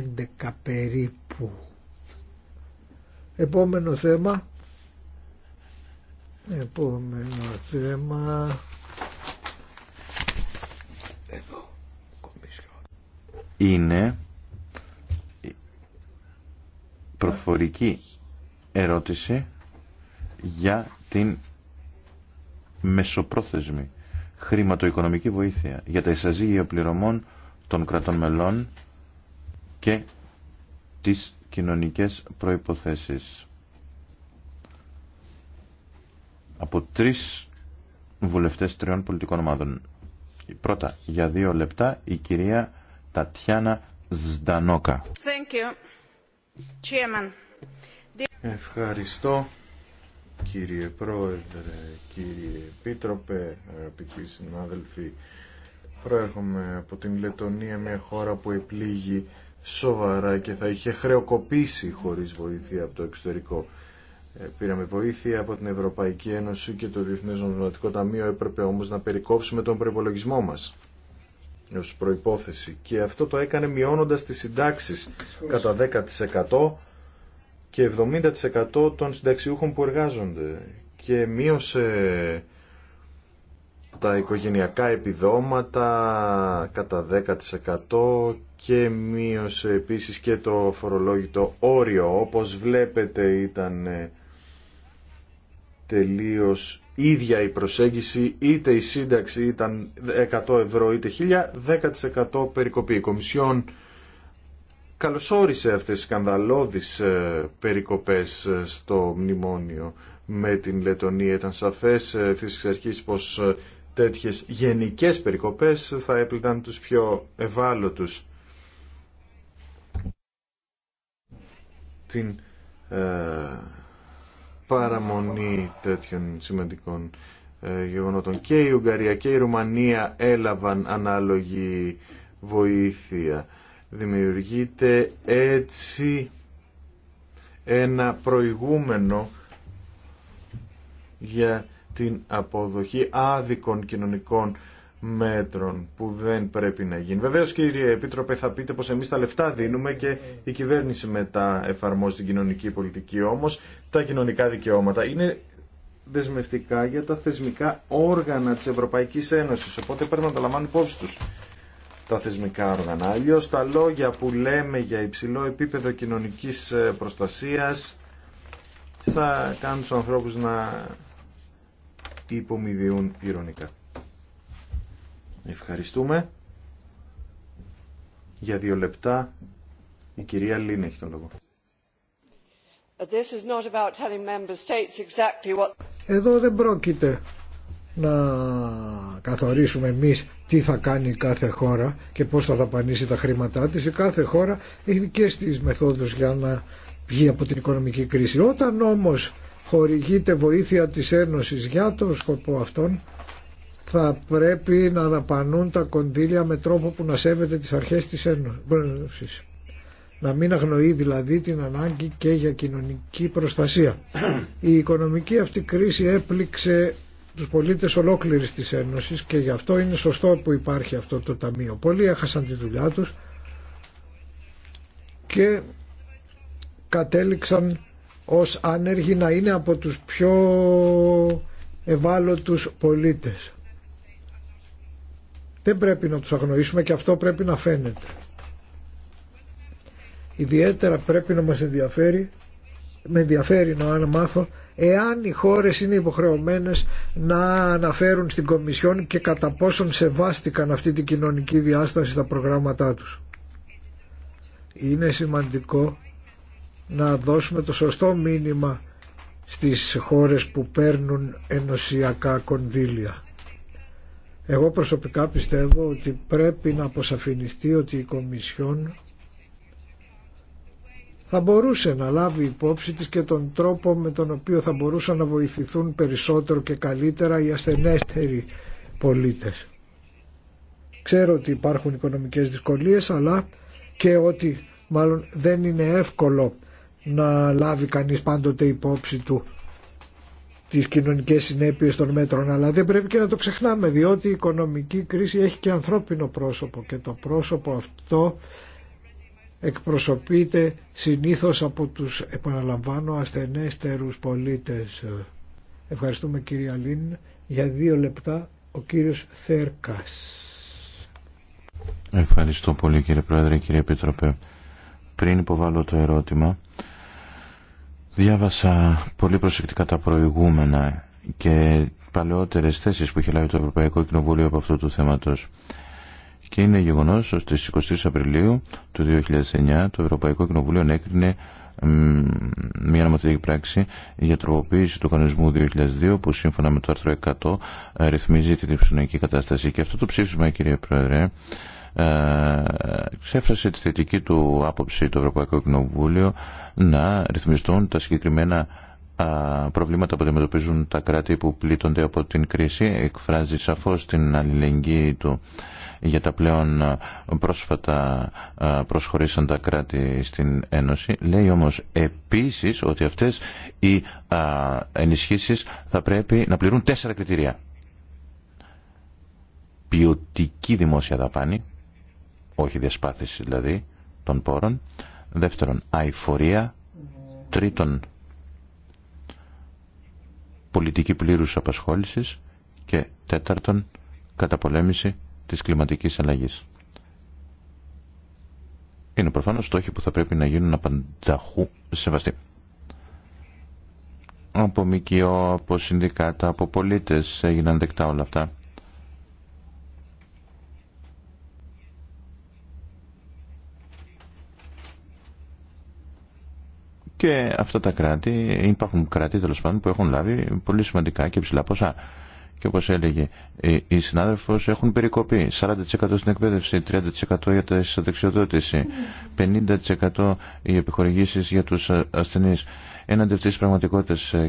11 περίπου. Επόμενο θέμα. Επόμενο θέμα. Εδώ. Είναι προφορική ερώτηση για την μεσοπρόθεσμη χρηματοοικονομική βοήθεια για τα εισαζύγια πληρωμών των κρατών μελών και τις κοινωνικές προϋποθέσεις. Από τρεις βουλευτές τριών πολιτικών ομάδων. Πρώτα, για δύο λεπτά, η κυρία Τατιάνα Ζντανόκα. Ευχαριστώ κύριε Πρόεδρε, κύριε Επίτροπε, αγαπητοί συνάδελφοι. Προέρχομαι από την Λετωνία, μια χώρα που επλήγει σοβαρά και θα είχε χρεοκοπήσει χωρίς βοήθεια από το εξωτερικό. Ε, πήραμε βοήθεια από την Ευρωπαϊκή Ένωση και το Διεθνέ Νομισματικό Ταμείο έπρεπε όμως να περικόψουμε τον προπολογισμό μας ως προϋπόθεση και αυτό το έκανε μειώνοντας τις συντάξει κατά 10% και 70% των συνταξιούχων που εργάζονται και μείωσε τα οικογενειακά επιδόματα κατά 10% και μείωσε επίσης και το φορολόγητο όριο. Όπως βλέπετε ήταν ε, τελείως ίδια η προσέγγιση, είτε η σύνταξη ήταν 100 ευρώ είτε 1000, 10% περικοπή. Η Κομισιόν καλωσόρισε αυτές τις σκανδαλώδεις ε, περικοπές ε, στο μνημόνιο με την Λετωνία. Ήταν σαφές ευθύς εξ αρχής πως τέτοιες γενικές περικοπές θα έπληκαν τους πιο ευάλωτους. Την ε, παραμονή τέτοιων σημαντικών ε, γεγονότων. Και η Ουγγαρία και η Ρουμανία έλαβαν ανάλογη βοήθεια. Δημιουργείται έτσι ένα προηγούμενο για την αποδοχή άδικων κοινωνικών μέτρων που δεν πρέπει να γίνει. Βεβαίω, κύριε Επίτροπε, θα πείτε πω εμεί τα λεφτά δίνουμε και η κυβέρνηση μετά εφαρμόζει την κοινωνική πολιτική. Όμω, τα κοινωνικά δικαιώματα είναι δεσμευτικά για τα θεσμικά όργανα τη Ευρωπαϊκή Ένωση. Οπότε πρέπει να τα λαμβάνουν υπόψη του τα θεσμικά όργανα. Αλλιώ τα λόγια που λέμε για υψηλό επίπεδο κοινωνική ε, προστασία θα κάνουν του ανθρώπου να υπομοιδιούν ηρωνικά. Ευχαριστούμε. Για δύο λεπτά η κυρία Λίν έχει τον λόγο. Εδώ δεν πρόκειται να καθορίσουμε εμείς τι θα κάνει κάθε χώρα και πώς θα δαπανίσει τα χρήματά της. Η κάθε χώρα έχει δικές της μεθόδους για να βγει από την οικονομική κρίση. Όταν όμως χορηγείται βοήθεια της Ένωσης για τον σκοπό αυτόν θα πρέπει να δαπανούν τα κονδύλια με τρόπο που να σέβεται τις αρχές της Ένωσης. Να μην αγνοεί δηλαδή την ανάγκη και για κοινωνική προστασία. Η οικονομική αυτή κρίση έπληξε τους πολίτες ολόκληρης της Ένωσης και γι' αυτό είναι σωστό που υπάρχει αυτό το ταμείο. Πολλοί έχασαν τη δουλειά τους και κατέληξαν ως άνεργοι να είναι από τους πιο ευάλωτους πολίτες. Δεν πρέπει να τους αγνοήσουμε και αυτό πρέπει να φαίνεται. Ιδιαίτερα πρέπει να μας ενδιαφέρει, με ενδιαφέρει να μάθω, εάν οι χώρες είναι υποχρεωμένες να αναφέρουν στην Κομισιόν και κατά πόσον σεβάστηκαν αυτή την κοινωνική διάσταση στα προγράμματά τους. Είναι σημαντικό να δώσουμε το σωστό μήνυμα στις χώρες που παίρνουν ενωσιακά κονδύλια. Εγώ προσωπικά πιστεύω ότι πρέπει να αποσαφινιστεί ότι η Κομισιόν θα μπορούσε να λάβει υπόψη της και τον τρόπο με τον οποίο θα μπορούσαν να βοηθηθούν περισσότερο και καλύτερα οι ασθενέστεροι πολίτες. Ξέρω ότι υπάρχουν οικονομικές δυσκολίες αλλά και ότι μάλλον δεν είναι εύκολο να λάβει κανείς πάντοτε υπόψη του τις κοινωνικές συνέπειες των μέτρων αλλά δεν πρέπει και να το ξεχνάμε διότι η οικονομική κρίση έχει και ανθρώπινο πρόσωπο και το πρόσωπο αυτό εκπροσωπείται συνήθως από τους επαναλαμβάνω ασθενέστερους πολίτες. Ευχαριστούμε κύριε Αλήν. Για δύο λεπτά ο κύριος Θέρκας. Ευχαριστώ πολύ κύριε Πρόεδρε, κύριε Επίτροπε. Πριν υποβάλω το ερώτημα Διάβασα πολύ προσεκτικά τα προηγούμενα και παλαιότερες θέσεις που είχε λάβει το Ευρωπαϊκό Κοινοβούλιο από αυτού του θέματος. Και είναι γεγονός ότι στις 23 Απριλίου του 2009 το Ευρωπαϊκό Κοινοβούλιο ανέκρινε μια νομοθετική πράξη για τροποποίηση του κανονισμού 2002 που σύμφωνα με το άρθρο 100 ε, ρυθμίζει την διψηνοϊκή κατάσταση. Και αυτό το ψήφισμα κύριε Πρόεδρε ε, ξέφρασε τη θετική του άποψη το Ευρωπαϊκό Κοινοβούλιο να ρυθμιστούν τα συγκεκριμένα προβλήματα που αντιμετωπίζουν τα κράτη που πλήττονται από την κρίση εκφράζει σαφώς την αλληλεγγύη του για τα πλέον πρόσφατα προσχωρήσαν τα κράτη στην Ένωση. Λέει όμως επίσης ότι αυτές οι ενισχύσεις θα πρέπει να πληρούν τέσσερα κριτήρια. Ποιοτική δημόσια δαπάνη, όχι διασπάθηση δηλαδή των πόρων, Δεύτερον, αηφορία. Τρίτον, πολιτική πλήρους απασχόλησης. Και τέταρτον, καταπολέμηση της κλιματικής αλλαγής. Είναι προφανώς στόχοι που θα πρέπει να γίνουν απανταχού σεβαστοί. Από ΜΚΟ, από συνδικάτα, από πολίτες έγιναν δεκτά όλα αυτά. Και αυτά τα κράτη, υπάρχουν κράτη τέλο πάντων που έχουν λάβει πολύ σημαντικά και ψηλά ποσά. Και όπω έλεγε η συνάδελφο, έχουν περικοπεί 40% στην εκπαίδευση, 30% για τα εισαδεξιοδότηση, 50% οι επιχορηγήσει για του ασθενεί. Έναντι αυτή τη πραγματικότητα, ε,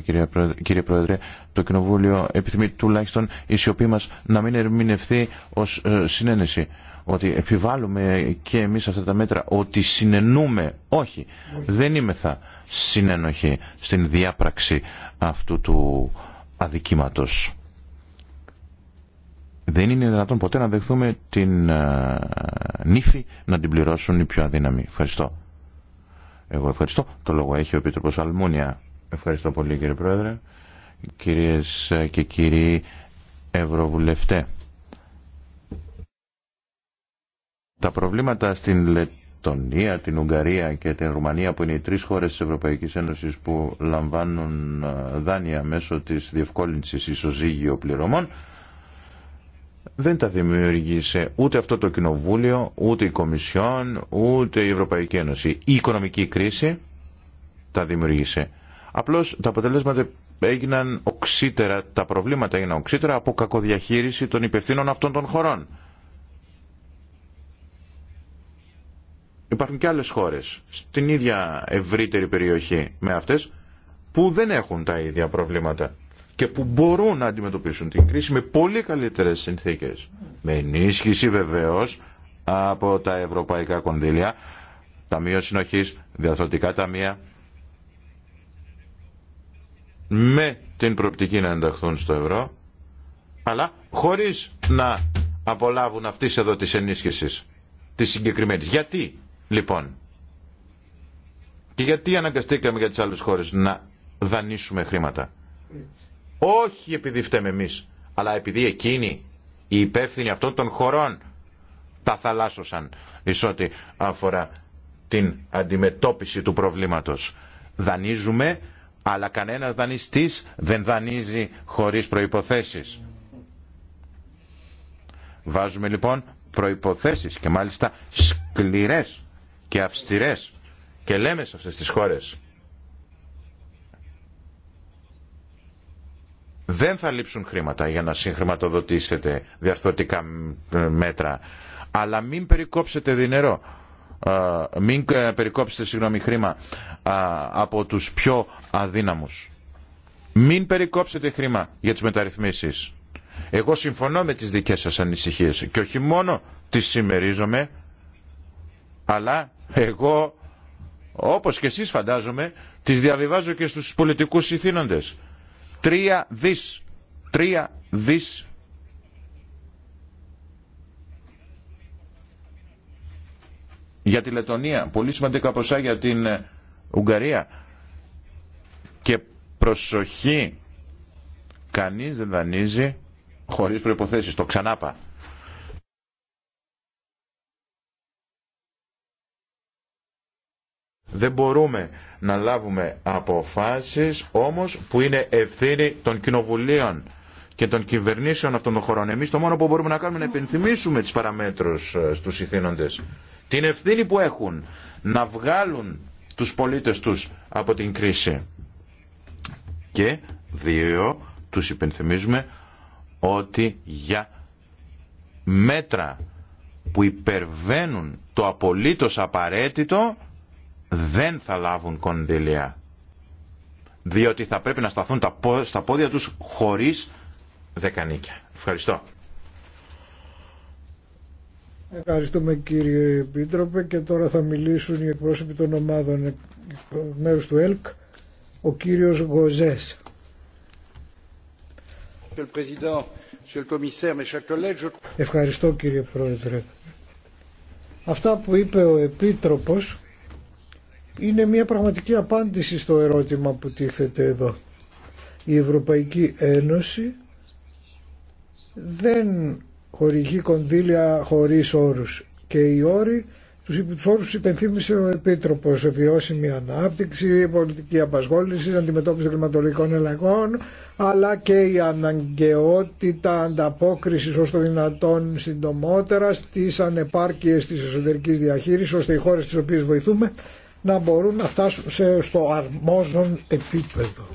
κύριε Πρόεδρε, το Κοινοβούλιο επιθυμεί τουλάχιστον η σιωπή μα να μην ερμηνευθεί ω ε, συνένεση ότι επιβάλλουμε και εμεί αυτά τα μέτρα, ότι συνενούμε. Όχι, δεν είμαι θα συνενοχή στην διάπραξη αυτού του αδικήματος. Δεν είναι δυνατόν ποτέ να δεχθούμε την ε, νύφη να την πληρώσουν οι πιο αδύναμοι. Ευχαριστώ. Εγώ ευχαριστώ. Το λόγο έχει ο Επίτροπος Αλμούνια. Ευχαριστώ πολύ κύριε Πρόεδρε. Κυρίες ε, και κύριοι Ευρωβουλευτέ. Τα προβλήματα στην Λετωνία, την Ουγγαρία και την Ρουμανία που είναι οι τρεις χώρες της Ευρωπαϊκής Ένωσης που λαμβάνουν ε, δάνεια μέσω της διευκόλυνσης ισοζύγιο πληρωμών δεν τα δημιούργησε ούτε αυτό το Κοινοβούλιο, ούτε η Κομισιόν, ούτε η Ευρωπαϊκή Ένωση. Η οικονομική κρίση τα δημιούργησε. Απλώς τα αποτελέσματα έγιναν οξύτερα, τα προβλήματα έγιναν οξύτερα από κακοδιαχείριση των υπευθύνων αυτών των χωρών. υπάρχουν και άλλες χώρες στην ίδια ευρύτερη περιοχή με αυτές που δεν έχουν τα ίδια προβλήματα και που μπορούν να αντιμετωπίσουν την κρίση με πολύ καλύτερες συνθήκες. Με ενίσχυση βεβαίως από τα ευρωπαϊκά κονδύλια, ταμείο συνοχής, διαθωτικά ταμεία, με την προπτική να ενταχθούν στο ευρώ, αλλά χωρίς να απολάβουν αυτής εδώ της ενίσχυσης, της συγκεκριμένης. Γιατί Λοιπόν, και γιατί αναγκαστήκαμε για τις άλλες χώρες να δανείσουμε χρήματα. Όχι επειδή φταίμε εμείς, αλλά επειδή εκείνοι, οι υπεύθυνοι αυτών των χωρών, τα θαλάσσωσαν εις ό,τι αφορά την αντιμετώπιση του προβλήματος. Δανείζουμε, αλλά κανένας δανειστής δεν δανείζει χωρίς προϋποθέσεις. Βάζουμε λοιπόν προϋποθέσεις και μάλιστα σκληρές και αυστηρές και λέμε σε αυτές τις χώρες δεν θα λείψουν χρήματα για να συγχρηματοδοτήσετε διαρθρωτικά ε, μέτρα αλλά μην περικόψετε δινερό μην ε, περικόψετε συγγνώμη χρήμα από τους πιο αδύναμους μην περικόψετε χρήμα για τις μεταρρυθμίσεις εγώ συμφωνώ με τις δικές σας ανησυχίες και όχι μόνο τις συμμερίζομαι αλλά εγώ, όπως και εσείς φαντάζομαι, τις διαβιβάζω και στους πολιτικούς ηθήνοντες. Τρία δις. Τρία δις. Για τη Λετωνία. Πολύ σημαντικά ποσά για την ε, Ουγγαρία. Και προσοχή. Κανείς δεν δανείζει χωρίς προϋποθέσεις. Το ξανάπα. Δεν μπορούμε να λάβουμε αποφάσεις όμως που είναι ευθύνη των κοινοβουλίων και των κυβερνήσεων αυτών των χωρών. Εμείς το μόνο που μπορούμε να κάνουμε είναι να επενθυμίσουμε τις παραμέτρους ε, στους ηθήνοντες. Την ευθύνη που έχουν να βγάλουν τους πολίτες τους από την κρίση. Και δύο, τους υπενθυμίζουμε ότι για μέτρα που υπερβαίνουν το απολύτως απαραίτητο δεν θα λάβουν κονδύλια. Διότι θα πρέπει να σταθούν τα, στα πόδια τους χωρίς δεκανίκια. Ευχαριστώ. Ευχαριστούμε κύριε Επίτροπε και τώρα θα μιλήσουν οι εκπρόσωποι των ομάδων μέρους του ΕΛΚ, ο κύριος Γοζές. Ευχαριστώ κύριε Πρόεδρε. Αυτά που είπε ο Επίτροπος είναι μια πραγματική απάντηση στο ερώτημα που τίθεται εδώ. Η Ευρωπαϊκή Ένωση δεν χορηγεί κονδύλια χωρίς όρους και οι όροι τους όρους υπενθύμησε ο Επίτροπος βιώσιμη ανάπτυξη, πολιτική απασχόληση, αντιμετώπιση κλιματολογικών ελλαγών αλλά και η αναγκαιότητα ανταπόκρισης ως το δυνατόν συντομότερα στις ανεπάρκειες της εσωτερικής διαχείρισης ώστε οι χώρες τις οποίες βοηθούμε να μπορούν να φτάσουν σε, στο αρμόζον επίπεδο.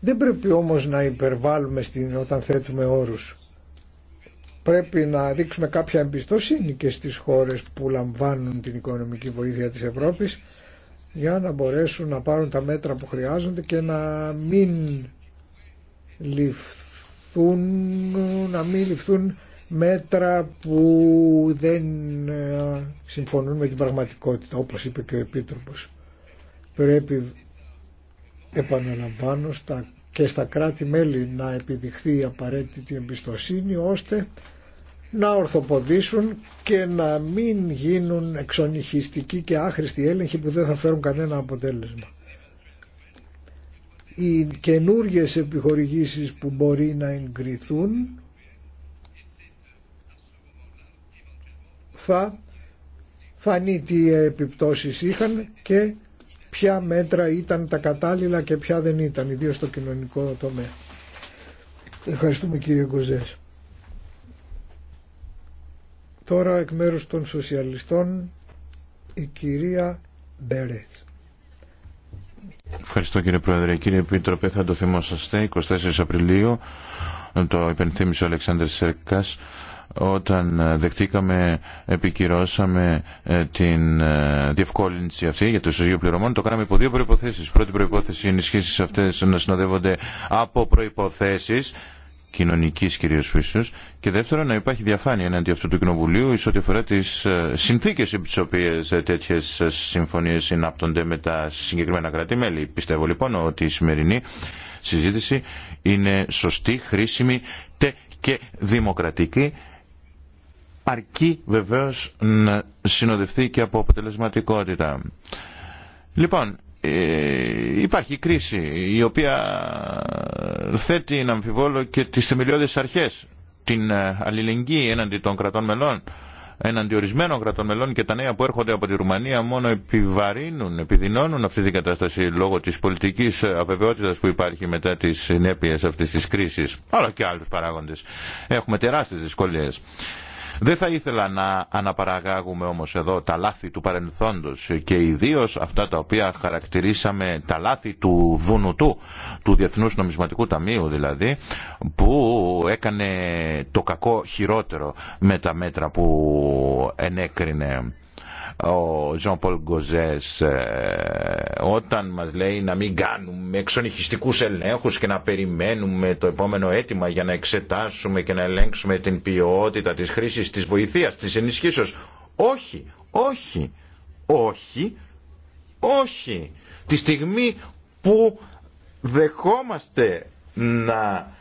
Δεν πρέπει όμως να υπερβάλλουμε στην, όταν θέτουμε όρους. Πρέπει να δείξουμε κάποια εμπιστοσύνη και στις χώρες που λαμβάνουν την οικονομική βοήθεια της Ευρώπης για να μπορέσουν να πάρουν τα μέτρα που χρειάζονται και να μην ληφθούν, να μην ληφθούν μέτρα που δεν ε, συμφωνούν με την πραγματικότητα όπως είπε και ο Επίτροπος. Πρέπει επαναλαμβάνω στα, και στα κράτη-μέλη να επιδειχθεί η απαραίτητη εμπιστοσύνη ώστε να ορθοποδήσουν και να μην γίνουν εξονυχιστικοί και άχρηστοι έλεγχοι που δεν θα φέρουν κανένα αποτέλεσμα. Οι καινούργιες επιχορηγήσεις που μπορεί να εγκριθούν θα φανεί τι επιπτώσεις είχαν και ποια μέτρα ήταν τα κατάλληλα και ποια δεν ήταν, ιδίως στο κοινωνικό τομέα. Ευχαριστούμε κύριε Γκοζές. Τώρα εκ μέρους των σοσιαλιστών η κυρία Μπέρετ. Ευχαριστώ κύριε Πρόεδρε. Κύριε Επίτροπε, θα το θυμόσαστε. 24 Απριλίου το υπενθύμισε ο Αλεξάνδρ Σέρκας όταν ε, δεχτήκαμε, επικυρώσαμε ε, την ε, διευκόλυνση αυτή για το ισοζύγιο πληρωμών, το κάναμε υπό δύο προϋποθέσεις. πρώτη προϋπόθεση είναι οι σχέσει αυτές να συνοδεύονται από προϋποθέσεις κοινωνική κυρίω φύσεω. Και δεύτερον, να υπάρχει διαφάνεια εναντί αυτού του Κοινοβουλίου ει ό,τι αφορά τι συνθήκε επί τι οποίε τέτοιε συμφωνίε συνάπτονται με τα συγκεκριμένα κράτη-μέλη. Πιστεύω λοιπόν ότι η σημερινή συζήτηση είναι σωστή, χρήσιμη και δημοκρατική αρκεί βεβαίως να συνοδευτεί και από αποτελεσματικότητα. Λοιπόν, ε, υπάρχει κρίση η οποία θέτει να αμφιβόλω και τις θεμελιώδεις αρχές την ε, αλληλεγγύη έναντι των κρατών μελών έναντι ορισμένων κρατών μελών και τα νέα που έρχονται από τη Ρουμανία μόνο επιβαρύνουν, επιδεινώνουν αυτή την κατάσταση λόγω της πολιτικής ε, αβεβαιότητας που υπάρχει μετά τις συνέπειες αυτής της κρίσης, αλλά και άλλους παράγοντες. Έχουμε τεράστιες δυσκολίες. Δεν θα ήθελα να αναπαραγάγουμε όμως εδώ τα λάθη του παρελθόντος και ιδίως αυτά τα οποία χαρακτηρίσαμε τα λάθη του Δουνουτού, του Διεθνούς Νομισματικού Ταμείου δηλαδή, που έκανε το κακό χειρότερο με τα μέτρα που ενέκρινε ο Ζων Πολ Γκοζές ε, όταν μας λέει να μην κάνουμε εξονυχιστικούς ελέγχους και να περιμένουμε το επόμενο αίτημα για να εξετάσουμε και να ελέγξουμε την ποιότητα της χρήσης της βοηθείας, της ενισχύσεως. Όχι, όχι, όχι, όχι. Τη στιγμή που δεχόμαστε να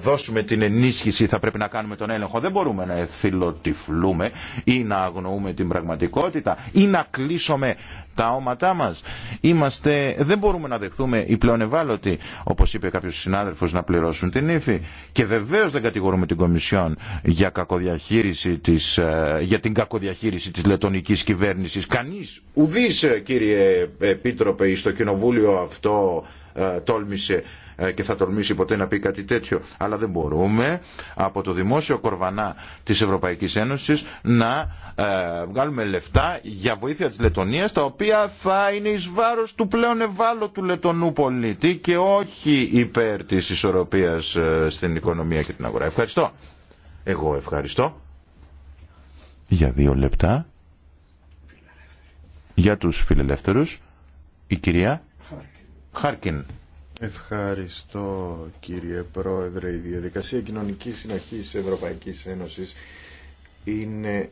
δώσουμε την ενίσχυση θα πρέπει να κάνουμε τον έλεγχο. Δεν μπορούμε να εθιλοτυφλούμε ή να αγνοούμε την πραγματικότητα ή να κλείσουμε τα όματά μας. Είμαστε, δεν μπορούμε να δεχθούμε οι πλέον ευάλωτοι, όπως είπε κάποιος συνάδελφος, να πληρώσουν την ύφη. Και βεβαίως δεν κατηγορούμε την Κομισιόν για, κακοδιαχείριση της, ε, για την κακοδιαχείριση της λετωνικής κυβέρνησης. Κανείς, ουδής ε, κύριε Επίτροπε, στο κοινοβούλιο αυτό ε, τόλμησε ε, και θα τολμήσει ποτέ να πει κάτι τέτοιο. Αλλά δεν μπορούμε από το δημόσιο κορβανά της Ευρωπαϊκής Ένωσης να ε, βγάλουμε λεφτά για βοήθεια της Λετωνίας τα οποία θα είναι εις βάρος του πλέον ευάλωτου Λετωνού πολίτη και όχι υπέρ της ισορροπίας ε, στην οικονομία και την αγορά. Ευχαριστώ. Εγώ ευχαριστώ. Για δύο λεπτά. Για τους φιλελεύθερους. Η κυρία Χάρκιν. Ευχαριστώ κύριε Πρόεδρε. Η διαδικασία κοινωνικής συνοχής Ευρωπαϊκής Ένωσης είναι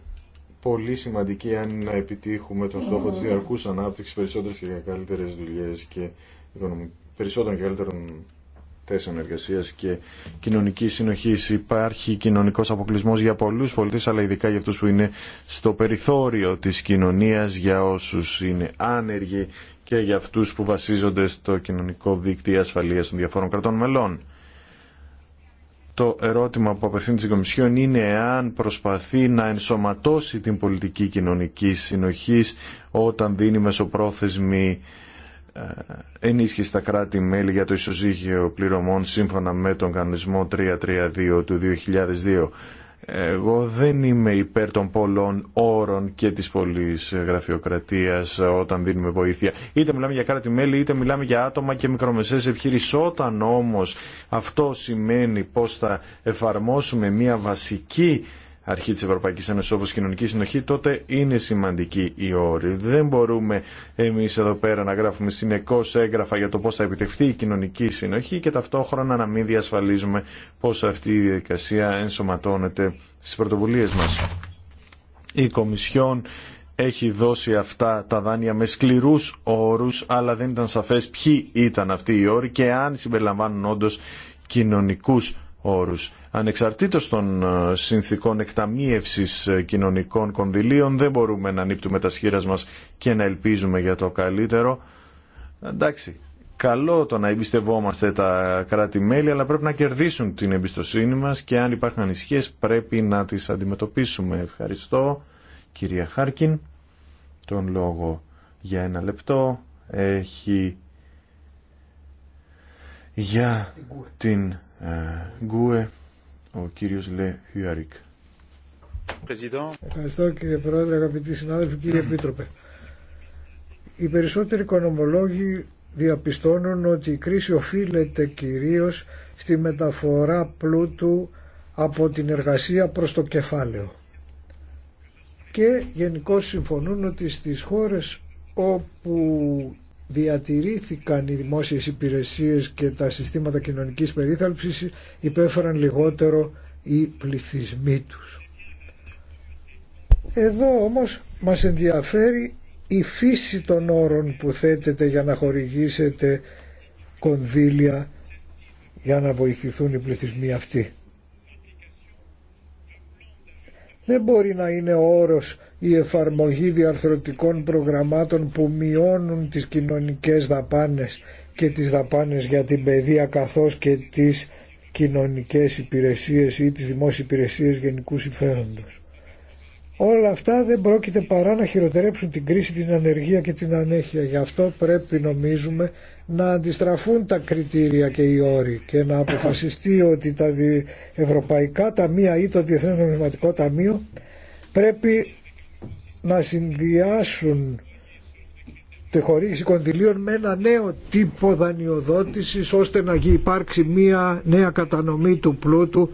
πολύ σημαντική αν να επιτύχουμε τον στόχο της διαρκούς ανάπτυξης περισσότερες και καλύτερες δουλειές και περισσότερων και καλύτερων θέσεων εργασία και κοινωνική συνοχή. Υπάρχει κοινωνικό αποκλεισμό για πολλού πολίτε, αλλά ειδικά για αυτού που είναι στο περιθώριο τη κοινωνία, για όσου είναι άνεργοι και για αυτούς που βασίζονται στο κοινωνικό δίκτυο ασφαλείας των διαφόρων κρατών μελών. Το ερώτημα που απευθύνει τη Κομισιόν είναι εάν προσπαθεί να ενσωματώσει την πολιτική κοινωνικής συνοχής όταν δίνει μεσοπρόθεσμη ε, ενίσχυση στα κράτη-μέλη για το ισοζύγιο πληρωμών σύμφωνα με τον κανονισμό 332 του 2002. Εγώ δεν είμαι υπέρ των πολλών όρων και της πολλής γραφειοκρατίας όταν δίνουμε βοήθεια. Είτε μιλάμε για κράτη-μέλη, είτε μιλάμε για άτομα και μικρομεσαίες επιχειρήσεις. Όταν όμως αυτό σημαίνει πώς θα εφαρμόσουμε μια βασική αρχή της Ευρωπαϊκής Ένωσης όπως κοινωνική συνοχή, τότε είναι σημαντική η όρη. Δεν μπορούμε εμείς εδώ πέρα να γράφουμε συνεκώς έγγραφα για το πώς θα επιτευχθεί η κοινωνική συνοχή και ταυτόχρονα να μην διασφαλίζουμε πώς αυτή η διαδικασία ενσωματώνεται στις πρωτοβουλίες μας. Η Κομισιόν έχει δώσει αυτά τα δάνεια με σκληρούς όρους, αλλά δεν ήταν σαφές ποιοι ήταν αυτοί οι όροι και αν συμπεριλαμβάνουν όντως κοινωνικούς όρους ανεξαρτήτως των ε, συνθήκων εκταμίευσης ε, κοινωνικών κονδυλίων δεν μπορούμε να ανοίπτουμε τα σχήρας μας και να ελπίζουμε για το καλύτερο. Εντάξει, καλό το να εμπιστευόμαστε τα κράτη-μέλη, αλλά πρέπει να κερδίσουν την εμπιστοσύνη μας και αν υπάρχουν ανησυχίες πρέπει να τις αντιμετωπίσουμε. Ευχαριστώ, κυρία Χάρκιν. Τον λόγο για ένα λεπτό έχει για την ε, ο κύριος Λε Χιουαρικ. Ευχαριστώ κύριε Πρόεδρε, αγαπητοί συνάδελφοι, κύριε Επίτροπε. Οι περισσότεροι οικονομολόγοι διαπιστώνουν ότι η κρίση οφείλεται κυρίως στη μεταφορά πλούτου από την εργασία προς το κεφάλαιο. Και γενικώ συμφωνούν ότι στις χώρες όπου διατηρήθηκαν οι δημόσιες υπηρεσίες και τα συστήματα κοινωνικής περίθαλψης υπέφεραν λιγότερο οι πληθυσμοί τους. Εδώ όμως μας ενδιαφέρει η φύση των όρων που θέτετε για να χορηγήσετε κονδύλια για να βοηθηθούν οι πληθυσμοί αυτοί. Δεν μπορεί να είναι όρος η εφαρμογή διαρθρωτικών προγραμμάτων που μειώνουν τις κοινωνικές δαπάνες και τις δαπάνες για την παιδεία καθώς και τις κοινωνικές υπηρεσίες ή τις δημόσιες υπηρεσίες γενικού συμφέροντος. Όλα αυτά δεν πρόκειται παρά να χειροτερέψουν την κρίση, την ανεργία και την ανέχεια. Γι' αυτό πρέπει νομίζουμε να αντιστραφούν τα κριτήρια και οι όροι και να αποφασιστεί ότι τα ευρωπαϊκά ταμεία ή το Διεθνές Νομισματικό Ταμείο πρέπει να συνδυάσουν τη χορήγηση κονδυλίων με ένα νέο τύπο δανειοδότησης ώστε να υπάρξει μια νέα κατανομή του πλούτου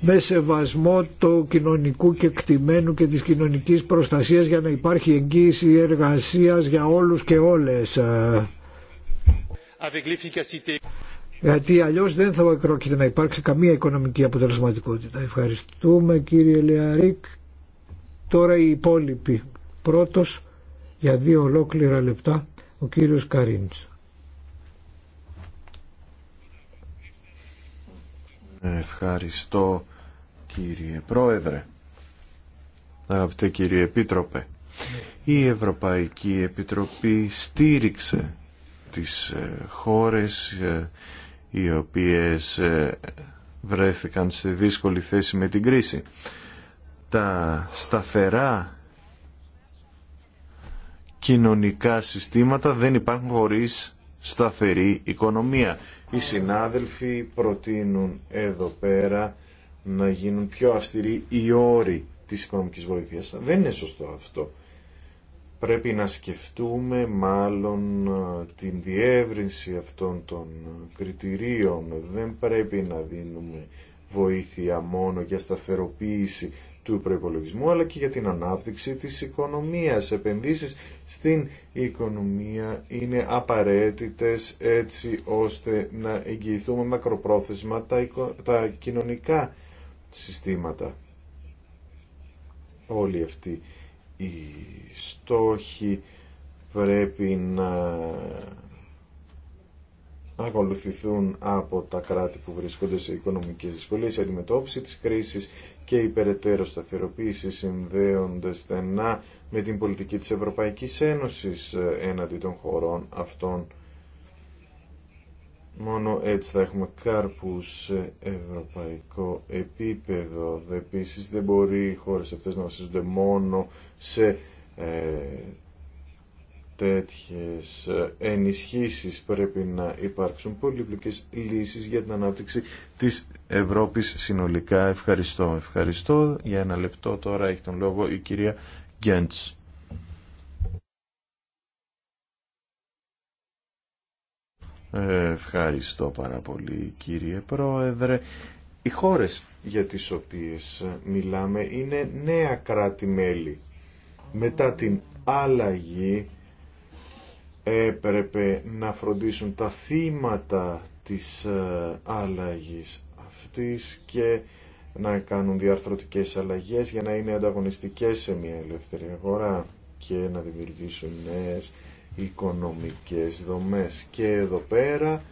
με σεβασμό του κοινωνικού και κτημένου και της κοινωνικής προστασίας για να υπάρχει εγγύηση εργασίας για όλους και όλες. Γιατί αλλιώς δεν θα εκρόκειται να υπάρξει καμία οικονομική αποτελεσματικότητα. Ευχαριστούμε κύριε Λεαρίκ. Τώρα οι υπόλοιποι. Πρώτος για δύο ολόκληρα λεπτά ο κύριος Καρίνης. Ευχαριστώ κύριε Πρόεδρε. Αγαπητέ κύριε Επίτροπε, η Ευρωπαϊκή Επιτροπή στήριξε τις ε, χώρες ε, οι οποίες ε, βρέθηκαν σε δύσκολη θέση με την κρίση. Τα σταθερά κοινωνικά συστήματα δεν υπάρχουν χωρίς σταθερή οικονομία οι συνάδελφοι προτείνουν εδώ πέρα να γίνουν πιο αυστηροί οι όροι της οικονομικής βοήθειας. Δεν είναι σωστό αυτό. Πρέπει να σκεφτούμε μάλλον την διεύρυνση αυτών των κριτηρίων. Δεν πρέπει να δίνουμε βοήθεια μόνο για σταθεροποίηση του προϋπολογισμού αλλά και για την ανάπτυξη της οικονομίας. Επενδύσεις στην οικονομία είναι απαραίτητες έτσι ώστε να εγγυηθούμε μακροπρόθεσμα τα κοινωνικά συστήματα. Όλοι αυτοί οι στόχοι πρέπει να ακολουθηθούν από τα κράτη που βρίσκονται σε οικονομικές δυσκολίες. Η αντιμετώπιση της κρίσης και η περαιτέρω σταθεροποίηση συνδέονται στενά με την πολιτική της Ευρωπαϊκής Ένωσης ε, έναντι των χωρών αυτών. Μόνο έτσι θα έχουμε κάρπους σε ευρωπαϊκό επίπεδο. Επίση δεν μπορεί οι χώρες αυτές να βασίζονται μόνο σε ε, τέτοιες ε, ενισχύσεις πρέπει να υπάρξουν πολύπλοκες λύσεις για την ανάπτυξη της Ευρώπης συνολικά. Ευχαριστώ. Ευχαριστώ. Για ένα λεπτό τώρα έχει τον λόγο η κυρία Γκέντς. Ευχαριστώ πάρα πολύ κύριε Πρόεδρε. Οι χώρες για τις οποίες μιλάμε είναι νέα κράτη-μέλη μετά την άλλαγη έπρεπε να φροντίσουν τα θύματα της άλλαγης ε, αυτής και να κάνουν διαρθρωτικές αλλαγές για να είναι ανταγωνιστικές σε μια ελεύθερη αγορά και να δημιουργήσουν νέες οικονομικές δομές. Και εδώ πέρα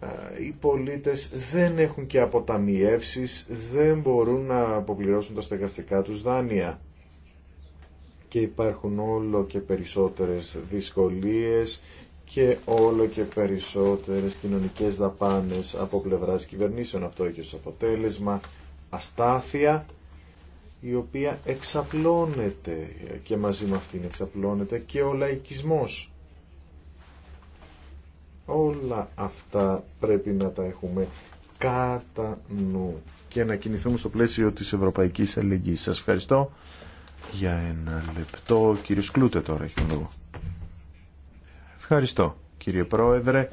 ε, οι πολίτες δεν έχουν και αποταμιεύσεις, δεν μπορούν να αποπληρώσουν τα στεγαστικά τους δάνεια και υπάρχουν όλο και περισσότερες δυσκολίες και όλο και περισσότερες κοινωνικές δαπάνες από πλευράς κυβερνήσεων. Αυτό έχει ως αποτέλεσμα αστάθεια η οποία εξαπλώνεται και μαζί με αυτήν εξαπλώνεται και ο λαϊκισμός. Όλα αυτά πρέπει να τα έχουμε κατά νου και να κινηθούμε στο πλαίσιο της Ευρωπαϊκής Αλληλεγγύης. Σας ευχαριστώ. Για ένα λεπτό, κύριε κύριος Κλούτε τώρα έχει τον Ευχαριστώ, κύριε Πρόεδρε.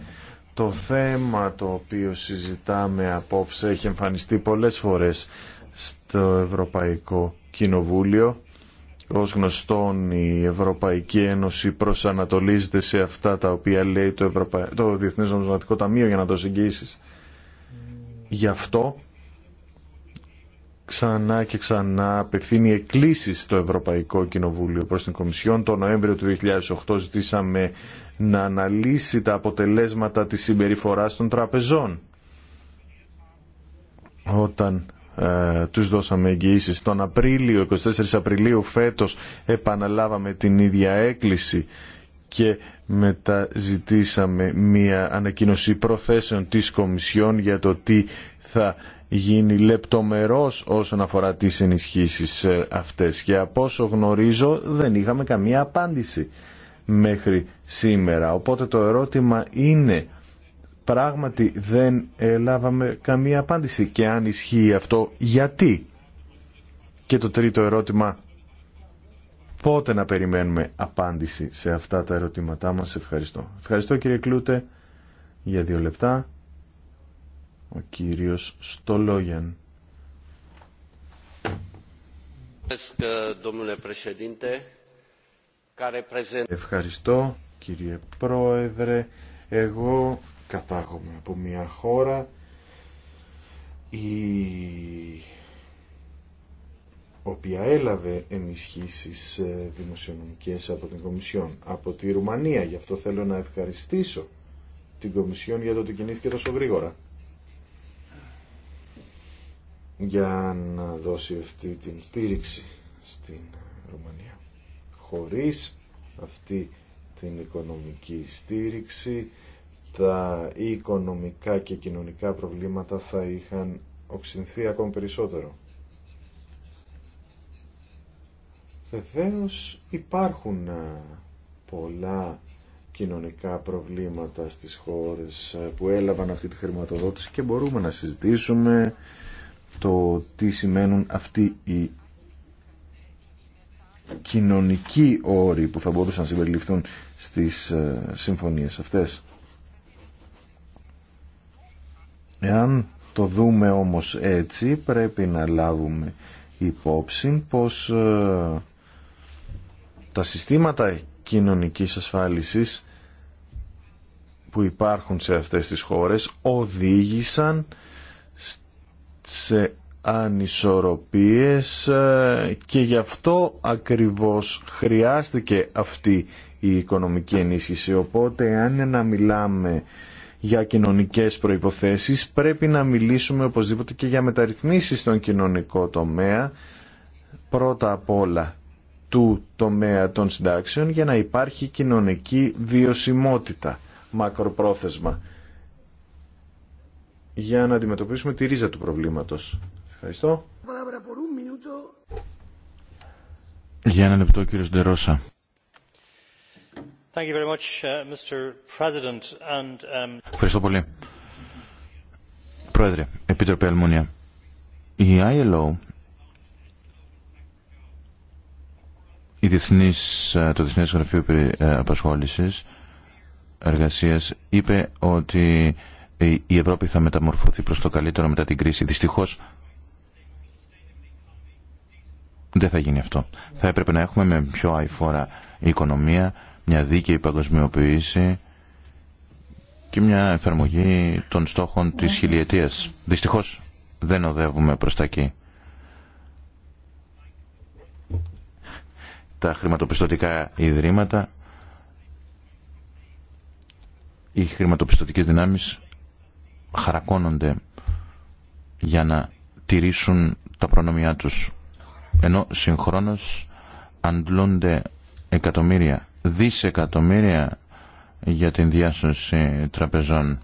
Το θέμα το οποίο συζητάμε απόψε έχει εμφανιστεί πολλές φορές στο Ευρωπαϊκό Κοινοβούλιο. Ως γνωστόν η Ευρωπαϊκή Ένωση προσανατολίζεται σε αυτά τα οποία λέει το, Ευρωπα... το Διεθνές Νομισματικό Ταμείο για να δώσει εγγύησεις. Γι' αυτό ξανά και ξανά απευθύνει εκκλήσεις στο Ευρωπαϊκό Κοινοβούλιο προς την Κομισιόν. Το Νοέμβριο του 2008 ζητήσαμε να αναλύσει τα αποτελέσματα της συμπεριφοράς των τραπεζών όταν ε, τους δώσαμε εγγυήσεις. Τον Απρίλιο, 24 Απριλίου φέτος επαναλάβαμε την ίδια έκκληση και μετά ζητήσαμε μία ανακοίνωση προθέσεων της Κομισιόν για το τι θα γίνει λεπτομερός όσον αφορά τις ενισχύσεις ε, αυτές και από όσο γνωρίζω δεν είχαμε καμία απάντηση μέχρι σήμερα. Οπότε το ερώτημα είναι πράγματι δεν έλαβαμε καμία απάντηση και αν ισχύει αυτό γιατί. Και το τρίτο ερώτημα πότε να περιμένουμε απάντηση σε αυτά τα ερωτήματά μας. Ευχαριστώ. Ευχαριστώ κύριε Κλούτε για δύο λεπτά ο κύριος Στολόγιαν. Ευχαριστώ κύριε Πρόεδρε. Εγώ κατάγομαι από μια χώρα η οποία έλαβε ενισχύσεις ε, δημοσιονομικές από την Κομισιόν, από τη Ρουμανία. Γι' αυτό θέλω να ευχαριστήσω την Κομισιόν για το ότι κινήθηκε τόσο γρήγορα για να δώσει αυτή την στήριξη στην Ρουμανία. Χωρίς αυτή την οικονομική στήριξη τα οικονομικά και κοινωνικά προβλήματα θα είχαν οξυνθεί ακόμη περισσότερο. Βεβαίω υπάρχουν ε, πολλά κοινωνικά προβλήματα στις χώρες ε, που έλαβαν αυτή τη χρηματοδότηση και μπορούμε να συζητήσουμε το τι σημαίνουν αυτοί οι κοινωνικοί όροι που θα μπορούσαν να συμπεριληφθούν στις ε, συμφωνίες αυτές. Εάν το δούμε όμως έτσι, πρέπει να λάβουμε υπόψη πως ε, τα συστήματα κοινωνικής ασφάλισης που υπάρχουν σε αυτές τις χώρες οδήγησαν σε ανισορροπίες ε, και γι' αυτό ακριβώς χρειάστηκε αυτή η οικονομική ενίσχυση. Οπότε αν να μιλάμε για κοινωνικές προϋποθέσεις πρέπει να μιλήσουμε οπωσδήποτε και για μεταρρυθμίσεις στον κοινωνικό τομέα πρώτα απ' όλα του τομέα των συντάξεων για να υπάρχει κοινωνική βιωσιμότητα μακροπρόθεσμα για να αντιμετωπίσουμε τη ρίζα του προβλήματος. Ευχαριστώ. Για ένα λεπτό, κύριος Ντερόσα. Uh, um, Ευχαριστώ πολύ. Πρόεδρε, Επίτροπε Αλμούνια, η ILO, η διεθνής, ε, το Διεθνές Γραφείο ε, Απασχόλησης Εργασίας, είπε ότι ε, η Ευρώπη θα μεταμορφωθεί προς το καλύτερο μετά την κρίση. Δυστυχώς δεν θα γίνει αυτό. Θα έπρεπε να έχουμε με πιο αηφόρα οικονομία, μια δίκαιη παγκοσμιοποίηση και μια εφαρμογή των στόχων της ναι. χιλιετίας. Δυστυχώς δεν οδεύουμε προς τα εκεί. Τα χρηματοπιστωτικά ιδρύματα, οι χρηματοπιστωτικές δυνάμεις χαρακώνονται για να τηρήσουν τα προνομιά τους ενώ συγχρόνως αντλούνται εκατομμύρια, δισεκατομμύρια για την διάσωση τραπεζών.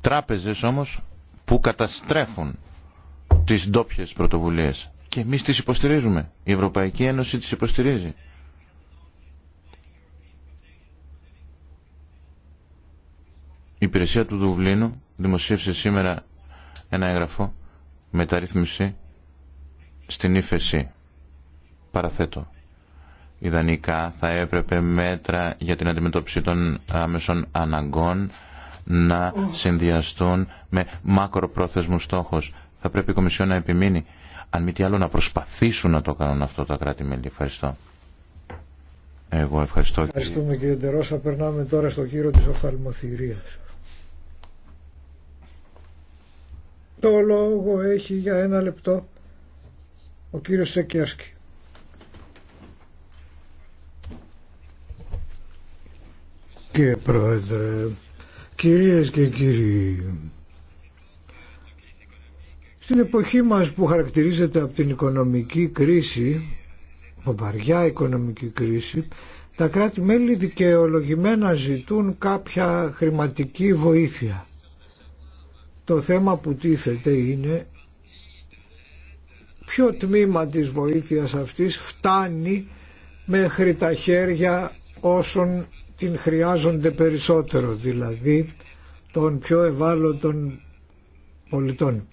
Τράπεζες όμως που καταστρέφουν τις ντόπιε πρωτοβουλίες και εμείς τις υποστηρίζουμε. Η Ευρωπαϊκή Ένωση τις υποστηρίζει. Η υπηρεσία του Δουβλίνου δημοσίευσε σήμερα ένα έγγραφο μεταρρύθμιση στην ύφεση. Παραθέτω. Ιδανικά θα έπρεπε μέτρα για την αντιμετώπιση των άμεσων αναγκών να συνδυαστούν με μακροπρόθεσμους στόχους. Θα πρέπει η Κομισιόν να επιμείνει, αν μη τι άλλο, να προσπαθήσουν να το κάνουν αυτό τα κράτη-μέλη. Ευχαριστώ. Εγώ ευχαριστώ. Ευχαριστούμε κύριε Ντερόσα. Περνάμε τώρα στο κύριο της οφθαλμοθυρίας. Το λόγο έχει για ένα λεπτό ο κύριος Σεκέρσκι. Κύριε Πρόεδρε, κυρίες και κύριοι, στην εποχή μας που χαρακτηρίζεται από την οικονομική κρίση, από βαριά οικονομική κρίση, τα κράτη-μέλη δικαιολογημένα ζητούν κάποια χρηματική βοήθεια. Το θέμα που τίθεται είναι ποιο τμήμα της βοήθειας αυτής φτάνει μέχρι τα χέρια όσων την χρειάζονται περισσότερο, δηλαδή των πιο ευάλωτων πολιτών.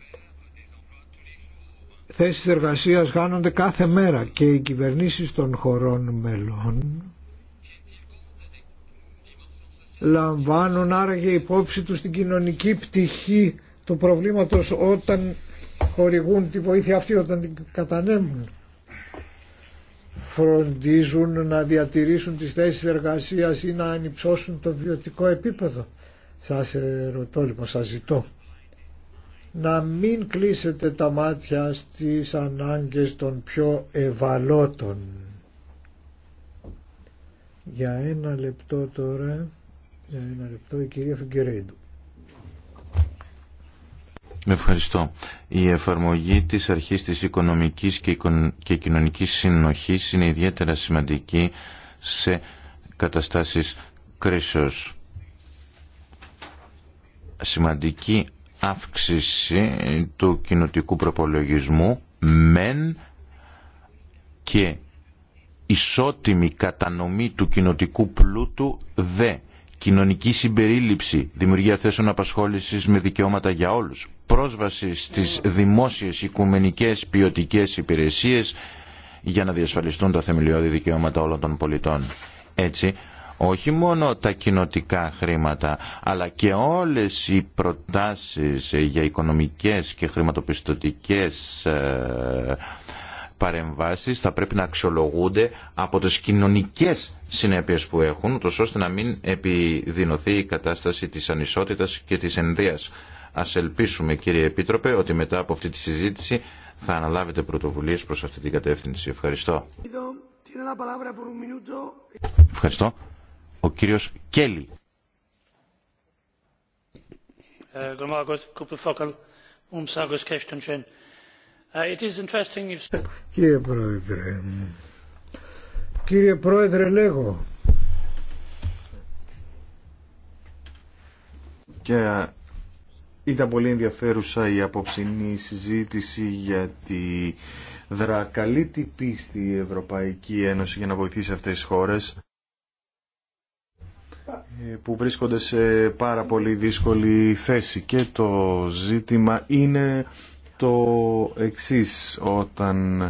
Θέσεις εργασίας γάνονται κάθε μέρα και οι κυβερνήσεις των χωρών μελών λαμβάνουν άραγε υπόψη τους την κοινωνική πτυχή του προβλήματος όταν χορηγούν τη βοήθεια αυτή, όταν την κατανέμουν. Φροντίζουν να διατηρήσουν τις θέσεις εργασίας ή να ανυψώσουν το βιωτικό επίπεδο. Σας ρωτώ λοιπόν, σας ζητώ να μην κλείσετε τα μάτια στις ανάγκες των πιο ευαλώτων. Για ένα λεπτό τώρα... Για ένα λεπτό η Ευχαριστώ. Η εφαρμογή της αρχής της οικονομικής και κοινωνικής συνοχής είναι ιδιαίτερα σημαντική σε καταστάσεις κρίσεως. Σημαντική αύξηση του κοινοτικού προπολογισμού μεν και ισότιμη κατανομή του κοινοτικού πλούτου δε κοινωνική συμπερίληψη, δημιουργία θέσεων απασχόλησης με δικαιώματα για όλους, πρόσβαση στις δημόσιες οικουμενικέ ποιοτικέ υπηρεσίες για να διασφαλιστούν τα θεμελιώδη δικαιώματα όλων των πολιτών. Έτσι, όχι μόνο τα κοινοτικά χρήματα, αλλά και όλες οι προτάσεις για οικονομικές και χρηματοπιστωτικές ε, παρεμβάσεις θα πρέπει να αξιολογούνται από τις κοινωνικές συνέπειες που έχουν, τόσο ώστε να μην επιδεινωθεί η κατάσταση της ανισότητας και της ενδείας. Ας ελπίσουμε κύριε Επίτροπε ότι μετά από αυτή τη συζήτηση θα αναλάβετε πρωτοβουλίες προς αυτή την κατεύθυνση. Ευχαριστώ. Ευχαριστώ. Ο κύριος Κέλλη. Äh, Uh, ε, κύριε Πρόεδρε, κύριε Πρόεδρε λέγω. Και ε, ήταν πολύ ενδιαφέρουσα η απόψινή συζήτηση για τη δρακαλή πίστη η Ευρωπαϊκή Ένωση για να βοηθήσει αυτές τις χώρες ε, που βρίσκονται σε πάρα πολύ δύσκολη θέση και το ζήτημα είναι το εξής όταν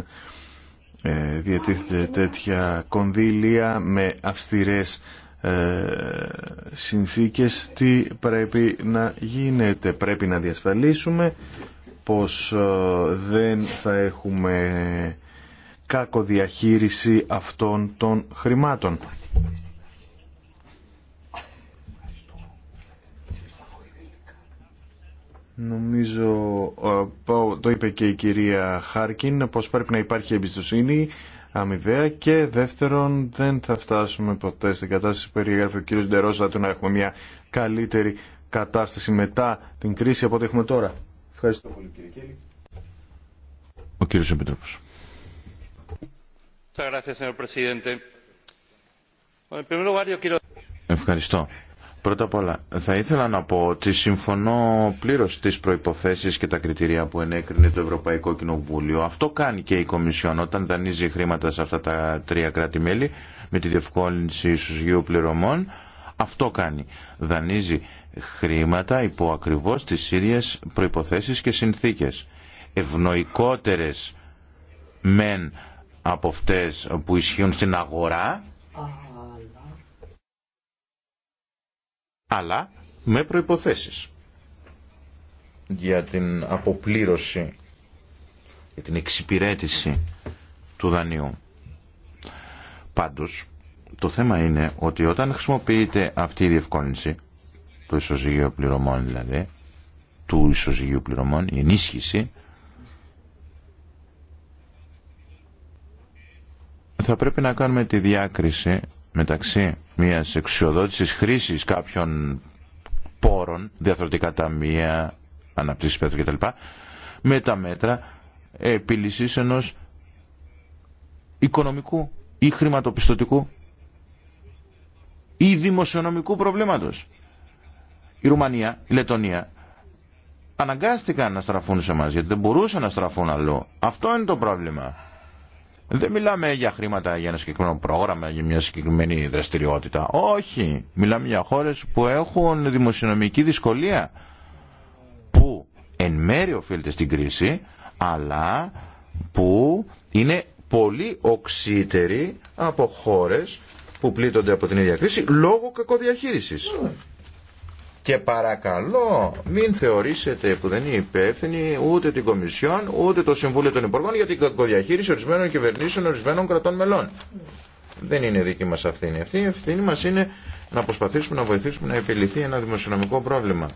ε, διατίθεται τέτοια κονδύλια με αυστηρές ε, συνθήκες τι πρέπει να γίνεται πρέπει να διασφαλίσουμε πως ε, δεν θα έχουμε κάκο διαχείριση αυτών των χρημάτων Νομίζω, το είπε και η κυρία Χάρκιν, πως πρέπει να υπάρχει εμπιστοσύνη αμοιβαία και δεύτερον δεν θα φτάσουμε ποτέ στην κατάσταση που περιγράφει ο κύριος Ντερόζα του να έχουμε μια καλύτερη κατάσταση μετά την κρίση από ό,τι έχουμε τώρα. Ευχαριστώ πολύ κύριε Κέλλη. Ο κύριος Επιτρόπος. Ευχαριστώ. Πρώτα απ' όλα, θα ήθελα να πω ότι συμφωνώ πλήρω στι προποθέσει και τα κριτήρια που ενέκρινε το Ευρωπαϊκό Κοινοβούλιο. Αυτό κάνει και η Κομισιόν όταν δανείζει χρήματα σε αυτά τα τρία κράτη-μέλη με τη διευκόλυνση ισουσγείου πληρωμών. Αυτό κάνει. Δανείζει χρήματα υπό ακριβώ τι ίδιε προποθέσει και συνθήκε. Ευνοϊκότερε μεν από αυτέ που ισχύουν στην αγορά αλλά με προϋποθέσεις για την αποπλήρωση, για την εξυπηρέτηση του δανείου. Πάντως, το θέμα είναι ότι όταν χρησιμοποιείται αυτή η διευκόλυνση, το ισοζυγείο πληρωμών δηλαδή, του ισοζυγείου πληρωμών, η ενίσχυση, θα πρέπει να κάνουμε τη διάκριση μεταξύ μιας εξουσιοδότησης χρήσης κάποιων πόρων, διαθροτικά ταμεία, μία πέθρου κτλ. με τα μέτρα επίλυσης ενός οικονομικού ή χρηματοπιστωτικού ή δημοσιονομικού προβλήματος. Η Ρουμανία, η Λετωνία αναγκάστηκαν να στραφούν σε μας γιατί δεν μπορούσαν να στραφούν αλλού. Αυτό είναι το πρόβλημα. Δεν μιλάμε για χρήματα για ένα συγκεκριμένο πρόγραμμα, για μια συγκεκριμένη δραστηριότητα. Όχι. Μιλάμε για χώρες που έχουν δημοσιονομική δυσκολία που εν μέρει οφείλεται στην κρίση αλλά που είναι πολύ οξύτεροι από χώρες που πλήττονται από την ίδια κρίση λόγω κακοδιαχείρισης. Και παρακαλώ μην θεωρήσετε που δεν είναι υπεύθυνη ούτε την Κομισιόν ούτε το Συμβούλιο των Υπουργών για την κακοδιαχείριση ορισμένων κυβερνήσεων ορισμένων κρατών μελών. Δεν είναι δική μας ευθύνη. Αυτή η ευθύνη μας είναι να προσπαθήσουμε να βοηθήσουμε να επιληθεί ένα δημοσιονομικό πρόβλημα.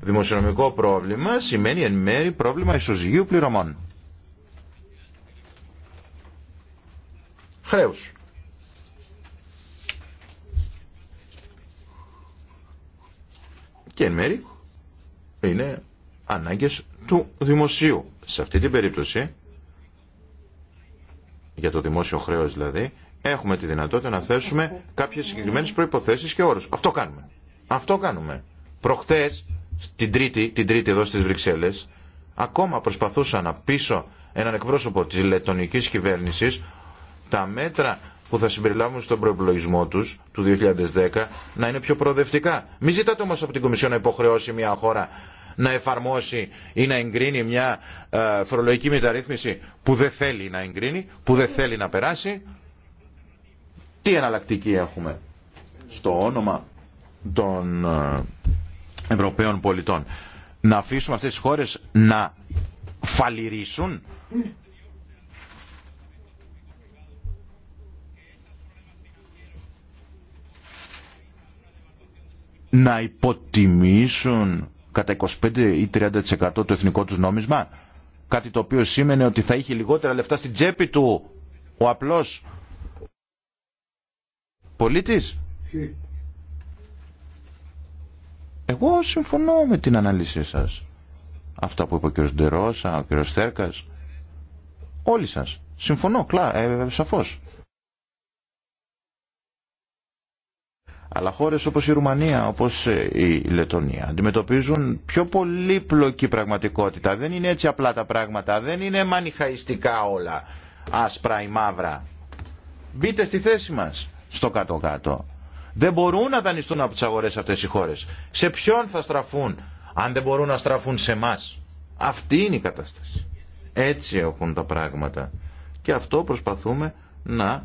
Δημοσιονομικό πρόβλημα σημαίνει εν μέρη πρόβλημα ισοζυγίου πληρωμών. Χρέους. και εν μέρη είναι ανάγκες του δημοσίου. Σε αυτή την περίπτωση, για το δημόσιο χρέος δηλαδή, έχουμε τη δυνατότητα να θέσουμε κάποιες συγκεκριμένες προϋποθέσεις και όρους. Αυτό κάνουμε. Αυτό κάνουμε. Προχθές, την τρίτη, την τρίτη εδώ στις Βρυξέλλες, ακόμα προσπαθούσα να πείσω έναν εκπρόσωπο της λετωνικής κυβέρνησης τα μέτρα που θα συμπεριλάβουν στον προπολογισμό του του 2010 να είναι πιο προοδευτικά. Μην ζητάτε όμω από την Κομισιόν να υποχρεώσει μια χώρα να εφαρμόσει ή να εγκρίνει μια ε, φορολογική μεταρρύθμιση που δεν θέλει να εγκρίνει, που δεν θέλει να περάσει. Τι εναλλακτική έχουμε στο όνομα των ε, Ευρωπαίων πολιτών. Να αφήσουμε αυτές τις χώρες να φαλυρίσουν να υποτιμήσουν κατά 25 ή 30% το εθνικό τους νόμισμα. Κάτι το οποίο σήμαινε ότι θα είχε λιγότερα λεφτά στην τσέπη του ο απλός πολίτης. Εγώ συμφωνώ με την αναλύση σας. Αυτά που είπε ο κ. Ντερόσα, ο κ. Στέρκας, όλοι σας. Συμφωνώ, κλά, ε, σαφώς. Αλλά χώρες όπως η Ρουμανία, όπως ε, η Λετωνία αντιμετωπίζουν πιο πολύπλοκη πραγματικότητα. Δεν είναι έτσι απλά τα πράγματα, δεν είναι μανιχαϊστικά όλα, άσπρα ή μαύρα. Μπείτε στη θέση μας, στο κάτω-κάτω. Δεν μπορούν να δανειστούν από τις αγορές αυτές οι χώρες. Σε ποιον θα στραφούν, αν δεν μπορούν να στραφούν σε εμά. Αυτή είναι η κατάσταση. Έτσι έχουν τα πράγματα. Και αυτό προσπαθούμε να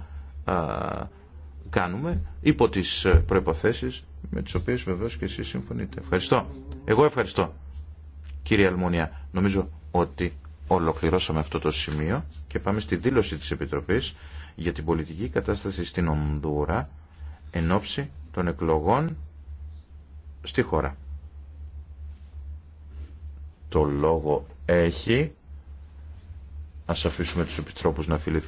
κάνουμε υπό τις ε, προϋποθέσεις με τις οποίες βεβαίως και εσείς συμφωνείτε. Ευχαριστώ. Εγώ ευχαριστώ. Κύριε Αλμονία, νομίζω ότι ολοκληρώσαμε αυτό το σημείο και πάμε στη δήλωση της Επιτροπής για την πολιτική κατάσταση στην Ομδούρα εν ώψη των εκλογών στη χώρα. Το λόγο έχει. Ας αφήσουμε τους επιτρόπους να φιλήσουν.